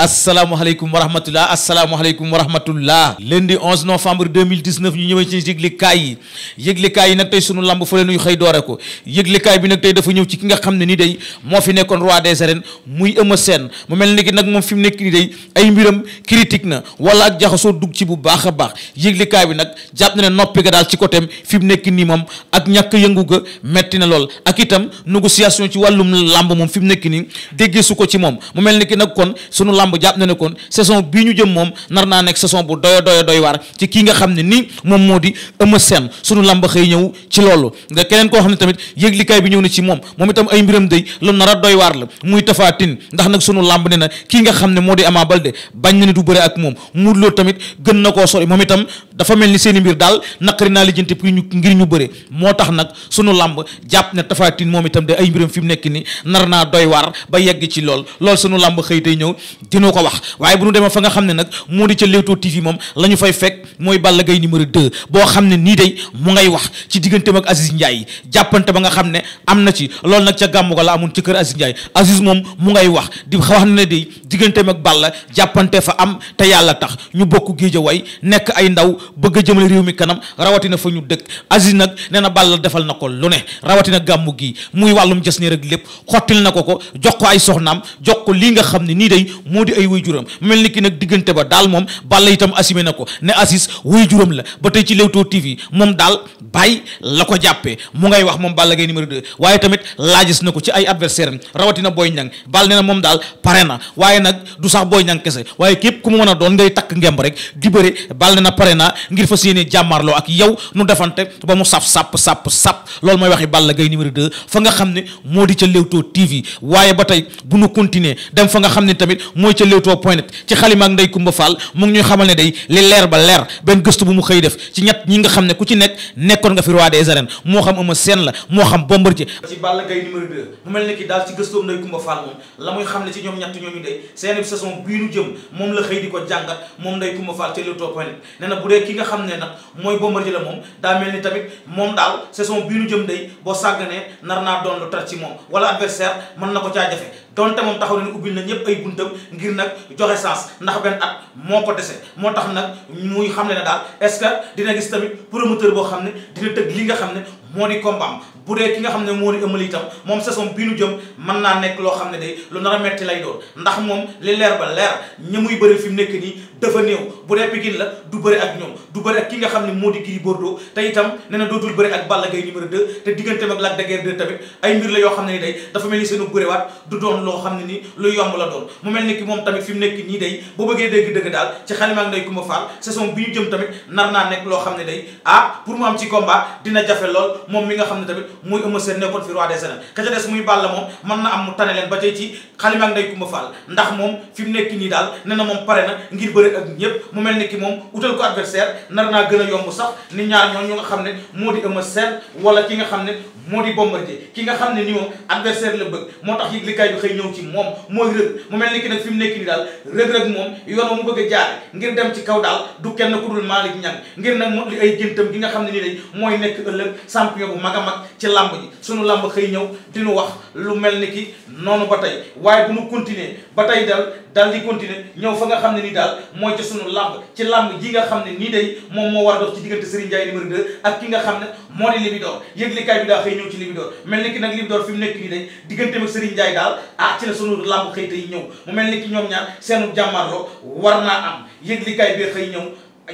asalaamaaleykum wa rahmatullah asalaamaaleykum wa rahmatullah lundi 11 novembre 2019 ñu ñëwee ci yëglikaay yi yëglikaay yi nag tey sunu lamb fa leen ñuy xëy doore ko yëglikaay bi nag tey dafa ñëw ci ki nga xam ne ni day moo fi nekkoon roi des arènes muy Eumeu Sène mu mel ni ki nag moom fi mu nekk ni day ay mbiram critique na wala ak jaxasoo dugg ci bu baax a baax yëglikaay bi nag jàpp na ne noppi ga daal ci côté fi mu nekk nii moom ak ñàkk yëngu ga metti na lool ak itam négociation ci wàllum lamb moom fi mu nekk nii déggee su ko ci moom mu mel ni ki nag kon sunu lamb làmb jàpp na ne kon saison bii ñu jëm moom nar naa nekk saison bu doy doy doy waar ci kii nga xam ne ni moom moo di Eumeu Sène sunu làmb xëy ñëw ci loolu nga keneen koo xam ne tamit yëglikaay bi ñëw na ci moom moom itam ay mbiram day lu nar a doy la muy Tapha Tine ndax nag sunu làmb ne na kii nga xam ne moo di Ama Baldé bañ na ne du bëre ak moom Modou Lô tamit gën na koo sori moom itam dafa mel ni seen i mbir daal naqari naa lijjanti pour ñu ngir ñu bëre moo tax nag sunu làmb jàpp ne Tapha Tine moom itam de ay mbiram fi mu nekk nii nar naa doy war ba yegg ci lool lool sunu làmb xëy tey ñëw dinoo ko wax waaye bu nu demee fa nga xam ne nag moo di ca Leewtoo TV moom la ñu fay fekk mooy Balla Gaye numéro 2 boo xam ne nii day mu ngay wax ci digganteem ak Aziz Ndiaye jàppante ba nga xam ne am na ci loolu nag ca gàmmu ga la amoon ci kër Aziz Ndiaye Aziz moom mu ngay wax di wax ne day digganteem ak Balla jàppante fa am te yàlla tax ñu bokk géejawaay nekk ay ndaw bëgg a jëmale réew mi kanam rawatina fa ñu dëkk Aziz nag nee na Balla defal na ko lu ne rawatina gàmmu gii muy wàllum jas ne rek lépp xottil na ko ko jox ko ay soxnaam jox ko li nga xam ne nii day moo di ay wuy juram mel ni kii nag diggante ba daal moom Balla itam assumé na ko ne Aziz wuy juram la ba tey ci Leewtoo TV moom daal bàyyi la ko jàppee mu ngay wax moom Balla Gaye numéro 2 waaye tamit laajis na ko ci ay adversaire am rawatina Boy Niang Balla nee na moom daal pare na waaye nag du sax Boy Niang kese waaye képp ku mu mën a doon ngay takk ngemb rek di bëre Balla nee pare na ngir fas yéene jàmmarloo ak yow nu defante ba mu saf sap sap sap loolu mooy waxi Balla Gaye numéro 2 fa nga xam ne moo di ca Leewtoo TV waaye ba tey bu nu continuer dem fa nga xam ne tamit mooy ca Leewtoo point ci ba leer benn gëstu bu mu xëy def ci ñett ñi nga xam ne ku ci nekk nekkoon nga fi roi des arènes moo xam Eumeu Sène la moo xam Bombardier ci Balla Gaye numéro mu mel ne daal ci gëstoom Ndey Kumba Fall moom la muy xam ne ci ñoom ñett ñooñu day sa saison bii nu jëm moom la ko jàngat moom Ndey Kumba Fall dee ki nga xam ne nag mooy Bombardier la moom daa mel ni tamit moom daal saison bii nu jëm day boo sàgganee nar naa doon lu tar ci moom wala adversaire mën na ko caa jafe donte moom taxaw leen ubbil na ñëpp ay buntam ngir nag joxe sens ndax benn at moo ko dese moo tax nag muy xam ne ne daal est-ce que dina gis tamit promoteur boo xam ne dina tëgg li nga xam ne moo di combat bu dee ki nga xam ne moo di ëmmal itam moom saison bii nu jëm mën naa nekk loo xam ne day lu nar a metti ndax moom li leer ba leer ña muy bëri fi mu nekk nii dafa néew bu dee Pikine la du ak ñoom du bëri ak nga xam ne moo di Gris Bordeaux te itam nee na dootul bëri ak Balla Gaye numéro 2 te digganteem ak Lac de Guiers ay mbir la yoo xam ne day dafa mel ni seenu bëriwaat du doon loo xam ne ni lu yomb la doon mu mel ni ki moom tamit fi mu nekk nii day boo bëggee dégg dëgg daal ci xalimaak Ndeye Coumba Fall saison bi ñu jëm tamit nar naa nekk loo xam ne day ah pour mu am ci combat dina jafe lool moom mi nga xam ne tamit muy Eumeu Sène nekkoon fi roi des arènes ka ca des muy Balla moom mën na am mu tane leen ba tey ci xalima ak Ndeye Coumba ndax moom fi mu nekk nii daal nee na moom pare ngir bëri ak ñëpp mu mel ni ki moom utal ko adversaire nar naa gën a yomb sax ni ñaar ñoo ñu xam ne moo di Eumeu Sène wala ki nga xam ne moo di Bombardier ki nga xam ne ni moom adversaire la bëgg moo tax yëglikaay bi xëy ñëw ci moom mooy rëg mu mel ni ki nag fi mu nekk nii daal rëg-rëg moom yoon mu bëgg a jaare ngir dem ci kaw daal du kenn ku dul Malick Niang ngir nag mo li ay géntam gi nga xam ne nii day mooy nekk ëllëg champion bu mag a mag ci làmb ji sunu làmb xëy ñëw dinu wax lu mel ni ki noonu ba tey waaye bu nu continuer ba tey daal daal di continuer ñëw fa nga xam ne ni daal mooy ci sunu làmb ci làmb ji nga xam ne nii day moom moo war dox ci diggante Serigne Ndiaye numéro ak ki nga xam ne moo di Libidor yëglikaay bi daa xëy ñëw ci Libidor mel ni ki nag Libidor fi mu nekk nii day diggante ak Serigne Ndiaye daal ah ci la sunu làmb xëy tey ñëw mu mel ni ki ñoom ñaar seenu jàmmarloo war naa am yëglikaay bi xëy ñëw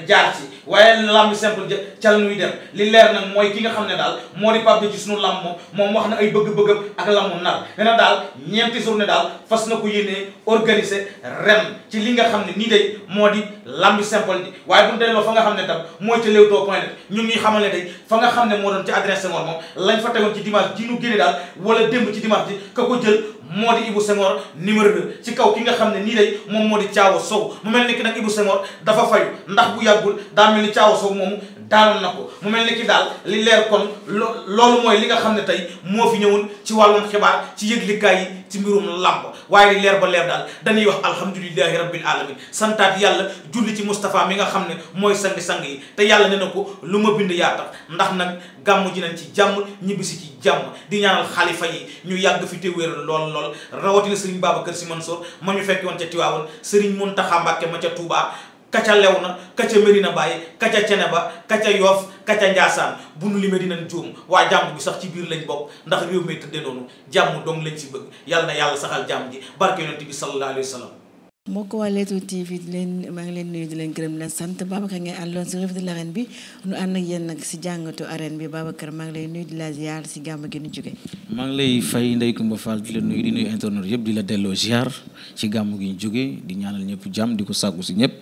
jaar ci waaye lamb simple ja ca la ñuy dem li leer nag mooy ki nga xam ne daal moo di Pape ci sunu lamb moom moom wax na ay bëgg-bëggam ak la nar nee daal ñeenti journée daal fas na ko yéenee organiser ren ci li nga xam ne nii day moo di lambi simple bi waaye bu ñu delloo fa nga xam ne tam mooy ca Leewtoo point net ñun ñuy xamal ne day fa nga xam ne moo doon ci adresse Senghor moom lañ fa tegoon ci dimanche ji ñu génne daal wala démb ci dimanche ji ka ko jël moo di Ibou Senghor numéro 2 ci kaw ki nga xam ne nii day moom moo di Thiaw Sow mu mel ni ki nag Ibou Senghor dafa fayu ndax bu yàggul daa mel ni Thiaw soow moomu daaloon na ko mu mel ni ki daal li leer kon loolu mooy li nga xam ne tey moo fi ñëwoon ci wàllum xibaar ci yëglikaay yi ci mbirum làmb waaye li leer ba leer daal dañuy wax alhamdulilahi rabbil alamin santaat yàlla julli ci Moustapha mi nga xam ne mooy sang-sang yi te yàlla ne na ko lu ma bind yaa tax ndax nag gàmm ji nañ ci jàmm ñibbisi ci jàmm di ñaanal xalifa yi ñu yàgg fi te wér lool lool rawatina sëriñ Babacar Sy soo ma ñu fekk woon ca Tiwaawoon sëriñ Muntaxa Mbàkke ma ca Tuubaa kaca na kaca Medina Baye kaca Ceneba kaca Yoff kaca Njaasaan bu nu limee dinañ juum waa jàmm bi sax ci biir lañ bokk ndax réew mi tëddee noonu jàmm dong lañ si bëgg yàlla na yàlla saxal jàmm ji barke yonent bi sallallahu alayhi wa mbokk waa Leewtoo TV di leen maa ngi leen nuyu di leen gërëm leen sant Babacar ngay àlloon si revue de l'arène bi nu ànd ak nag si jàngatu arène bi Babacar maa ngi lay nuyu di la ziar si gàmm gi nu jóge maa ngi lay fay Ndeye Coumba Fall di la nuyu internet yëpp di la delloo ziar si gàmm gi ñu jóge di ñaanal ñëpp jàmm di ko sàkku si ñëpp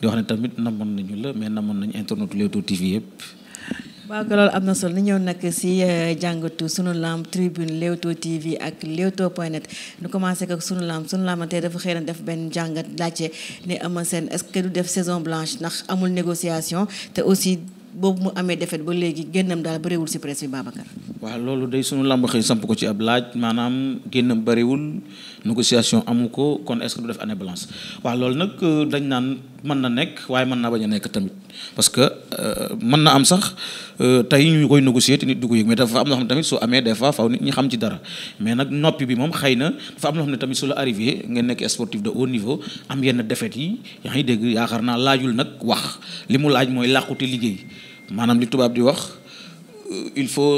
di wax ne tamit namoon nañu la mais namoon nañu internet Leewtoo TV yëpp waaw loolu am na solo ni ñëw nag si eh, jàngatu sunu lamb tribune Leewtoo TV ak Leewtoo point net ñu commencé ak sunu lamb sunu lamb tey dafa xëy na def benn jàngat laajte ni Eumeu Sène est-ce du def saison blanche ndax amul négociation te aussi boobu mu amee défaite ba léegi génnam daal bëriwul si presse bi Babacar. waaw loolu day sunu làmb xëy samp ko ci ab laaj maanaam génnam bëriwul négociation amu ko kon est-ce que du def année blanche waaw loolu nag euh, dañ naan mën na nekk waaye mën naa bañ a nekk tamit parce que euh, mën na am sax euh, tey ñu koy négocier te nit du ko yëg mais dafa am loo xam ne tamit amee des fois faw nit ñi xam dara mais nag noppi bi moom xëy na dafa am loo su la arrivier ngeen nekk sportif de haut niveau am yenn defet yi yaa ngi dégg yaakaar naa laajul nag wax li mu laaj mooy làqute liggéey maanaam li tubaab di wax Euh, il faut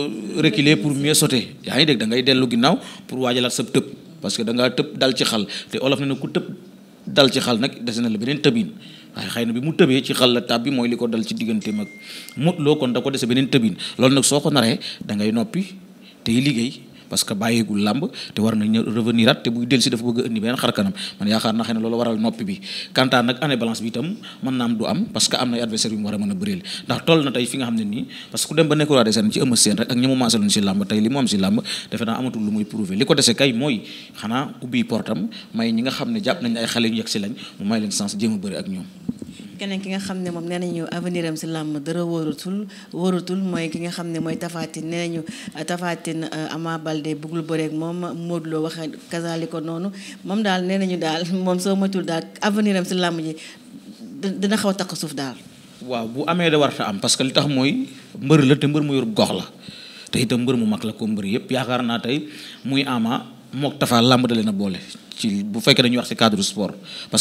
reculer pour mieux sauter yaa ngi dégg da ngay dellu ginnaaw pour waajalaat sa tëb parce que da ngaa tëb dal ci xal te olof ne na ku tëb dal ci xal nag dese na la beneen tëbin waaye xëy na bi mu tëbee ci xal la tab bi mooy li ko dal ci digganteem mag Modou loo kon da ko dese beneen tëbin loolu nag soo ko naree da ngay noppi tey liggéey. parce que bàyyeegul làmb te war na ñëw revenir te buy delsi dafa bëgg a indi benn xar man yaakaar naa xëy loolu waral noppi bi kantaan nag année balance bi itam mën naa am du am a mën a bëreel ndax toll na si làmb tey li mu am si làmb defe naa amatul lu muy prouver li ko dese kay mooy xanaa ubbi portam may ñi nga xam ne jàpp nañ ay xale yu yegg lañ mu may leen sens jéem a bëri ak ñoom keneen ki nga xam ne moom nee nañu avenir am si làmb dara wóorutul wóorutul mooy ki nga xam ne mooy Tafatine nee nañu euh, Tafatine euh, Ama Balde bëggul bëreeg moom Modou Lo waxe kasaali ko noonu moom daal nee nañu daal moom soo moytul daal avenir am si làmb ji dina xaw takk suuf daal. waaw bu amee da warta am parce que li tax mooy mbër la te mbër mu yor gox la te itam mbër mu mag la ko mbër yëpp yaakaar naa tey muy Ama. mook Tafa làmb a boole ci bu fekkee dañuy wax ci cadre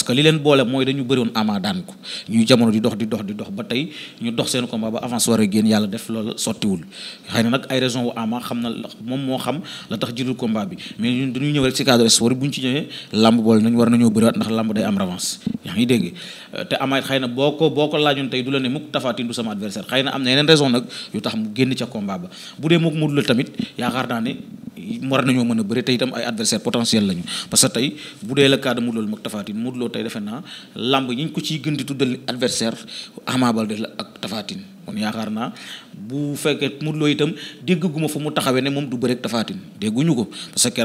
que li leen boole mooy dañu bëri woon ama daan ko ñuy jamono di dox di dox di dox ba tey ñu dox seen combat ba avance war a génn na nag moom moo xam la tax jëlul combat bi mais ñun dañuy ñëw rek ci cadre bu ñu ci ñëwee làmb boole nañ war nañoo bëriwaat ndax làmb day am revanche yaa ngi dégg te ama it na boo ko boo ko laajoon tey du la ne mukk Tapha Tine du sama adversaire xëy na am na yeneen raison nag yu tax mu génn ca combat ba bu dee mook Modou Lô tamit yaakaar naa ne war nañoo mën a bëri te itam ay adversaire potentiel lañu parce que tey bu dee la cas de Modou Lô ak Tapha Tine Modou tey defe naa lamb yi ko ciy gën di tuddal adversaire Ama Baldé la ak Tapha Tine kon yaakaar naa bu fekkee Modou Lô itam dégg guma fu mu taxawee ne moom du bëri ak Tapha Tine dégguñu ko parce que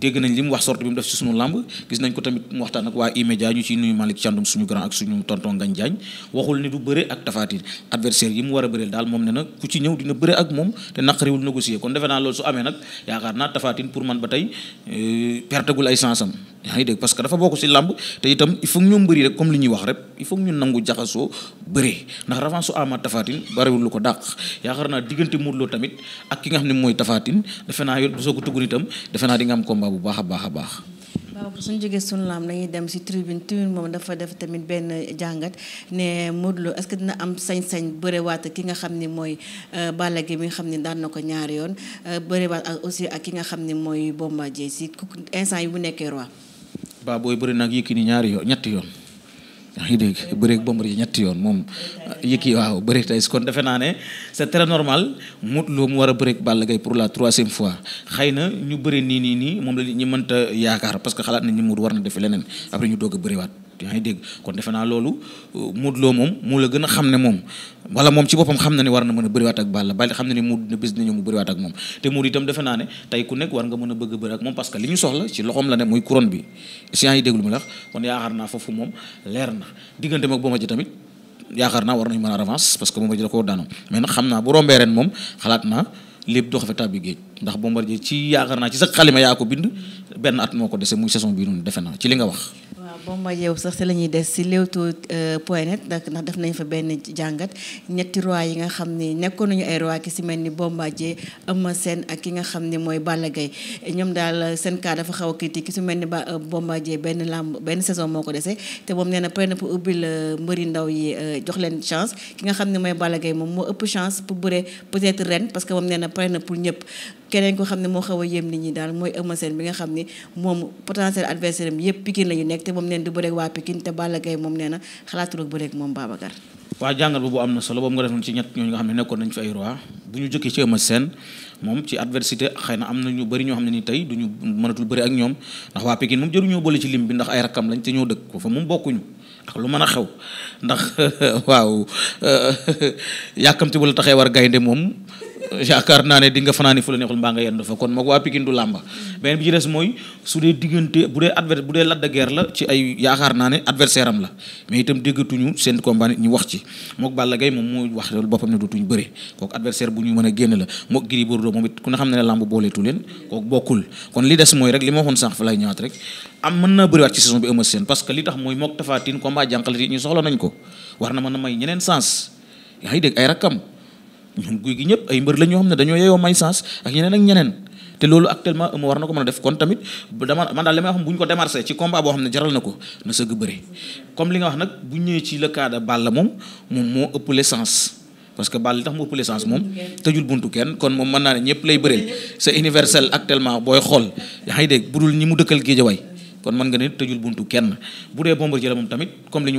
dégg nañ li mu wax sorte bi mu def ci sunu làmb gis nañ ko tamit mu waxtaan ak waa e ñu ciy nuyu Malick Thiandoum suñu grand ak suñu tonton Ngagne Diagne waxul ni du bëre ak Tapha Tine adversaire yi mu war a bëreel daal moom ne na ku ci ñëw dina bëre ak moom te naqariwul négocier kon defe naa loolu su amee nag yaakaar naa Tapha pour man ba tey euh, pertagul ay sansam yaa ngi dégg parce que dafa bokk ci làmb te itam il faut ñu mbëri rek comme li ñuy wax rek il faut ñu nangu jaxasoo bëre ndax revanche su Ama Tafatine bariwul lu ko dàq yaakaar naa diggante Modou Lo tamit ak ki nga xam ne mooy Tafatine defe naa yow soo ko tugg itam defe naa di nga am combat bu baax a baax a baax. waaw suñu jógee suñu laam dañuy dem ci tribune tribune moom dafa def tamit benn jàngat ne Modou Lo ce que dina am sañ-sañ bërewaat ki nga xam ni mooy euh, Balla Gaye mi xam ni daan na ko ñaari yoon euh, bërewaat ak aussi ak ki nga xam ni mooy Bombardier ci instant yi bu nekkee roi. ba booy bëri nag Yékini ñaari yoon ñetti yoon yaa ngi dégg bëreeg yi ñetti yoon moom Yékini waaw bëreeg tey kon defe naa ne c'est très normal Modou Lo mu war a bëreeg Balla Gaye pour la troisième fois xay na ñu bëri nii nii nii moom la ñi mënta yaakaar parce que xalaat nañ ni Modou war na def leneen après ñu doog a bëriwaat yaa ngi dégg kon defe naa loolu Modou Lo moom moo la gën a xam ne moom wala moom ci boppam xam na ne war na mën a bëriwaat ak Balla Balla xam na ne Modou dina bés dina ñëw mu bëriwaat ak moom a bëgg a bëri ak moom parce leer na diggante mag Bombardier tamit yaakaar naa war nañu mën a revanche parce que Bombardier da koo daanoon mais nag xam naa bu rombee ren moom xalaat naa lépp dox fa tàbbi géej ndax Bombardier ci yaakaar naa ci sa xalima yaa ko bind benn at moo ko dese muy saison bii boo ma yeew sax si la ñuy des si Leewtoo point net ndax def nañ fa benn jàngat ñetti roi yi nga xam ni nekkoon nañu ay roi ki si mel ni Bombardier Eumeu Sène ak ki nga xam ne mooy Balla Gaye ñoom daal seen dafa xaw a critique ki su mel ni ba euh, Bombardier benn lamb benn saison moo ko desee te moom nee na pare na pour ubbil euh, ndaw yi euh, jox leen chance ki nga xam ne mooy Balla moom moo ëpp chance pour bëree peut-être ren parce pour ñëpp keneen ko xam ne moo xaw a yéem nit ñi daal mooy Eumeu Sène bi nga xam ni moom potentiel adversaire am yëpp Pikine la ñu nekk te moom neen di bëreeg waa Pikine te Balla Gaye moom nee na xalaatul ak bëreeg moom Babacar waaw jàngal boobu am na solo boobu nga def ci ñett ñooñu nga xam ne nekkoon nañ fi ay roi bu ñu jëkkee ci Eumeu Sène moom ci adversité xëy na am na ñu bari ñoo xam ne ni tey duñu mënatul bari ak ñoom ndax waa Pikine moom jëruñoo boole ci lim bi ndax ay rakkam lañ te ñoo dëkk ko fa moom bokkuñu ndax lu mën a xew ndax waaw yàkkamti bu la taxee war gaynde moom yaakaar naa ne di nga fanaani fu la neexul mbaa nga yendu fa kon moo waa Pikine du làmba beneen bi ci des mooy wax ci mook Balla Gaye moom moo wax loolu boppam ne dutuñ mook Gris Bordeaux moom it ku ne xam ne kon que li tax mooy mook Tapha Tine combat na a may ñeneen sens yaa ngi dégg ay rakkam ñoom guy gi ñëpp ay mbër la ñoo xam ne dañoo yeyoo may sens ak ñeneen te loolu actuellement ëma war na ko mën a def kon tamit dama man daal li may wax bu ñu ko démarché ci combat boo xam ne jaral na ko na kon li ñu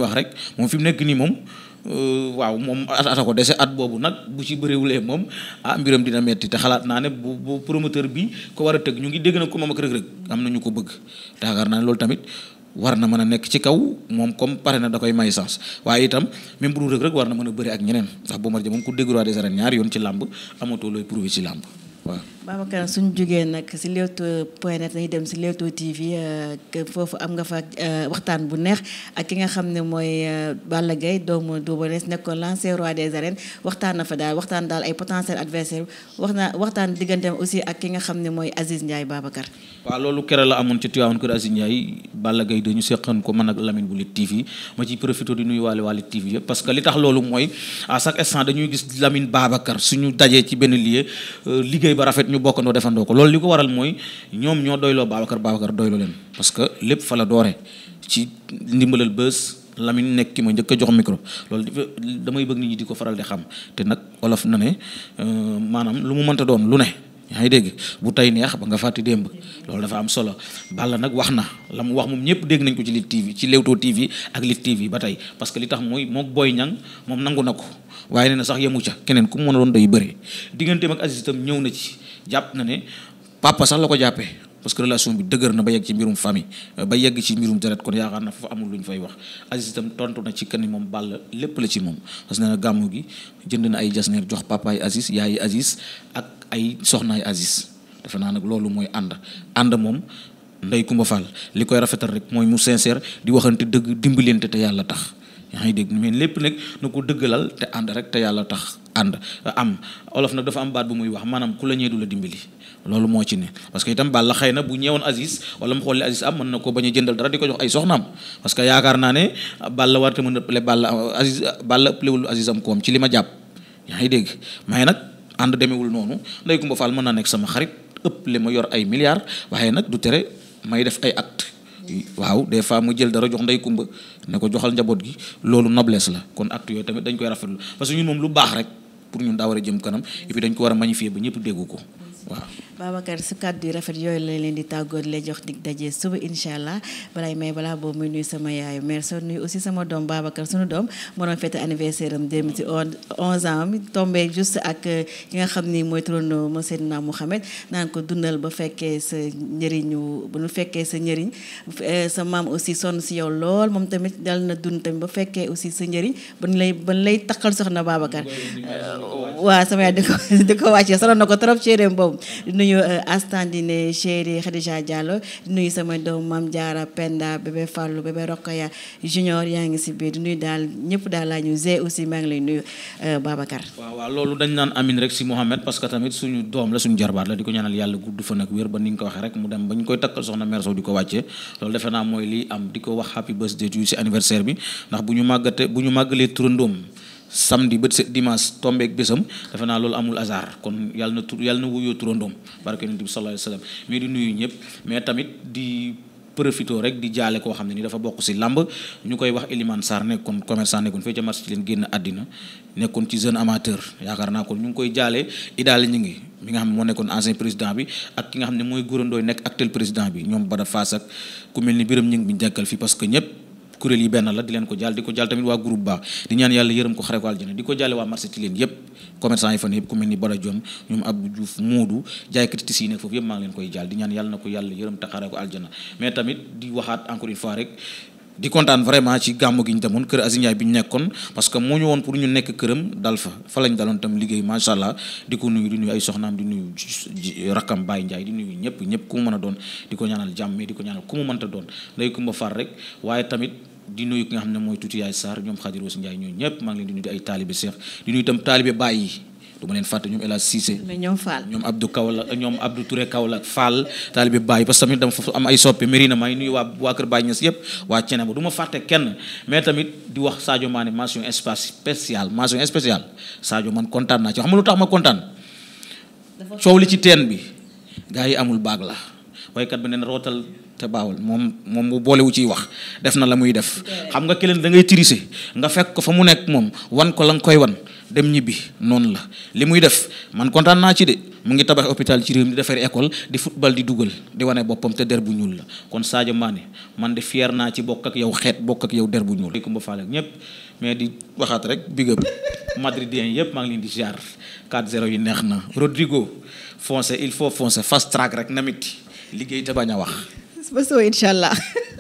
wax rek moom fi nekk nii moom Euh, waaw moom ata ko dese at boobu nag bu ci bërewulee moom ah mbiram dina metti te xalaat naa ne bu bu promoteur bi ko war a tëgg ñu ngi dégg na ko moom ak rëg-rëg am na ñu ko bëgg te naa ne loolu tamit war na mën a nekk ci kaw moom comme pare na da koy may sens waaye itam même bu rëg-rëg war na mën a bëri ak ñeneen ndax Bombardier moom ku dégg roi des arènes ñaar yoon ci làmb amatoo looy prouvé ci làmb waaw Babacar suñu jógee nag si Leewtoo point net dañuy dem si Leewtoo TV euh, foofu am nga fa euh, waxtaan bu neex ak ki nga xam ne mooy euh, Balla Gaye doomu Double Less nekkoon l'ancien roi des arènes waxtaan na fa daal waxtaan daal ay potentiel adversaire wax na waxtaan digganteem aussi ak ki nga xam ne mooy Aziz Ndiaye Babacar. waaw loolu keroog la amoon ci Tivaouane kër Aziz Ndiaye Balla Gaye dañu seqan ko man ak Lamine bu Lutte TV ma ciy profité du nuyu waale waale TV yëpp parce que li tax loolu mooy à chaque instant dañuy gis Lamine Babacar suñu dajee ci benn lieu liggéey ba rafet. ñu bokkandoo defandoo ko loolu li ko waral mooy ñoom ñoo doyloo Babacar Babacar doyloo leen parce que lépp fa la doore ci ndimbalal bës Lamine nekk ki ma njëkk jox micro loolu damay bëgg nit ñi di ko faral di xam te nag olof na ne euh, maanaam lu mu mënta doon lu ne yaa ngi dégg bu tey neex ba nga fàtti démb loolu dafa am solo Balla nag wax na la mu wax moom ñëpp dégg nañ ko ci Lutte TV ci Leewtoo TV ak Lutte TV ba tey parce que li tax mooy mook Boy Niang moom nangu na ko waaye nee na sax yemu ca keneen ku mu mën a doon day bëri digganteem ak Aziz ñëw na ci jàpp na ne papa sax la ko jàppee parce que relation bi dëgër na ba yegg ci mbirum famille euh, ba yegg ci mbirum deret kon yaakaar na foofu amul lu ñu fay wax Aziz itam tontu na ci kan ni moom Balla lépp la ci moom parce que nee na gàmmu gi jënd na ay jasneer jox papa yi Aziz yaay Aziz ak ay soxnaay Aziz defe naa nag loolu mooy ànd ànd moom ndey Kumba Fall li koy rafetal rek mooy mu sincère di waxante dëgg dimbalante te yàlla tax yaa ngi dégg mais lépp nag na ko dëggalal te ànd rek te yàlla tax ànd am olof nag dafa am baat bu muy wax maanaam ku la ñee du la dimbali loolu moo ci ne parce que itam Balla xay na bu ñëwoon Aziz wala mu xoolee Aziz am mën na ko bañ a jëndal dara di ko jox ay soxnaam parce que yaakaar naa ne Balla warte mën a ëppale Balla Aziz Balla ëppalewul Aziz am koom ci li ma jàpp yaa ngi dégg mais nag ànd demewul noonu Ndeye Coumba Fall man naa nekk sama xarit ëpp li ma yor ay milliards waaye nag du tere may def ay actes waaw des fois mu jël dara jox Ndeye Coumba ne ko joxal njaboot gi loolu noblesse la kon actes yooyu tamit dañ koy rafet lu parce que ñun moom lu baax rek pour ñun daa war a jëm kanam et puis ko war a magnifier ba ñëpp dégg ko waaw Babacar su kàddu yu rafet yooyu la leen di tàggoo lay jox dig daje suba incha allah balay may balaa boobu muy nuyu sama yaayu mère soo nuyu aussi sama doom Babacar sunu doom moo doon fête anniversaire am démb ci onze euh, xam ni mooy turandoo dundal ba fekkee sa njëriñu bu nu fekkee sa njëriñ euh, sa maam aussi sonn si yow lool moom tamit dal na dund tamit ba fekkee aussi sa njëriñ ba nu lay ba lay takkal soxna Babacar waaw euh, sama yaay di ko wàccee soloon na ko trop céeréem boobu nuyu euh, Astandine chéri Khadija Diallo di sama doom Mame Diarra Penda bébé Fallou bébé Rokhaya junior yaa ngi si biir di nuyu daal ñëpp daal laa ñu aussi maa ngi lay nuyu euh, Babacar. waaw waaw loolu dañ naan amin rek si Mouhamed parce que tamit suñu doom la suñu jarbaat la di ko ñaanal yàlla gudd fan ak wér ba ni nga ko waxee rek mu dem ba ñu koy takkal soxna mère Sow di ko wàccee loolu defe naa mooy lii am di ko wax happy birthday to you si ñu màggatee bu ñu màggalee samedi ba dimanche tombeek bésam defe naa loolu amul hasard kon yal na tur yàlla na wuyoo turandoom barke yonent bi sallallahu alayhi wasallam mais di nuyu ñëpp mais tamit di profito rek di jaale koo xam ne ni dafa bokk si làmb ñu koy wax Elimane Sarr nekkoon commerçant nekkoon fee ca marché leen génn àddina nekkoon ci jeune amateur yaakaar naa kon ñu ngi koy jaale idaale ñu ngi mi nga xam ne moo nekkoon ancien président bi ak ki nga xam ne mooy góorandooy nekk actuel président bi ñoom Bada ñu ngi bi njàkkal fi parce que ñëpp kuréel yi benn la di leen ko jàll di ko jàll tamit waa groupe ba di ñaan yàlla yërëm ko xare ko aljana di ko jàlle waa marché Tilène yépp commerçant yi fa ne yëpp ku ñëpp ñëpp ku mu mën a doon di ko ñaanal jàmm di ko ñaanal ku mu mënta doon nday kumba far rek waaye tamit di nuyu ki nga xam ne mooy tuuti yaay Sarr ñoom Khady Rose Ndiaye ñooñu ñëpp maa ngi leen di nuyu di ay taalibe Cheikh di nuyu itam taalibe Baay yi du ma leen fàtte ñoom El Hadj Cissé ñoom Fall ñoom Abdou Kaolack ñoom Abdou Touré Kaolack Fall taalibe am ay soppe Mérina maa ngi nuyu waa waa kër Baay Ñas yëpp waa cene ba du ma fàtte kenn mais tamit di wax Sadio Mané mention espace spéciale mention spéciale saajo man kontaan naa ci xam nga lu tax ma kontaan coow li ci teen bi gaa yi amul baag la waykat bi neen rootal te baawul moom moom boole wu ciy wax def na la muy def xam nga keneen da ngay tirise nga fekk ko fa mu nekk moom wan ko la nga koy wan dem ñibbi noonu la li muy def man kontaan naa ci de mu ngi tabax hôpital ci réew mi di defar école di football di dugal di wane boppam te der bu ñuul la kon Sadio Mané man de fier naa ci bokk ak yow xeet bokk ak yow der bu ñuul. Kumba Faal ak ñëpp mais di waxaat rek big up madridien yëpp maa ngi leen di jaar 4-0 yi neex na Rodrigo foncé il faut foncer fast track rek namit liggéey te bañ a wax. ba soo incha allah.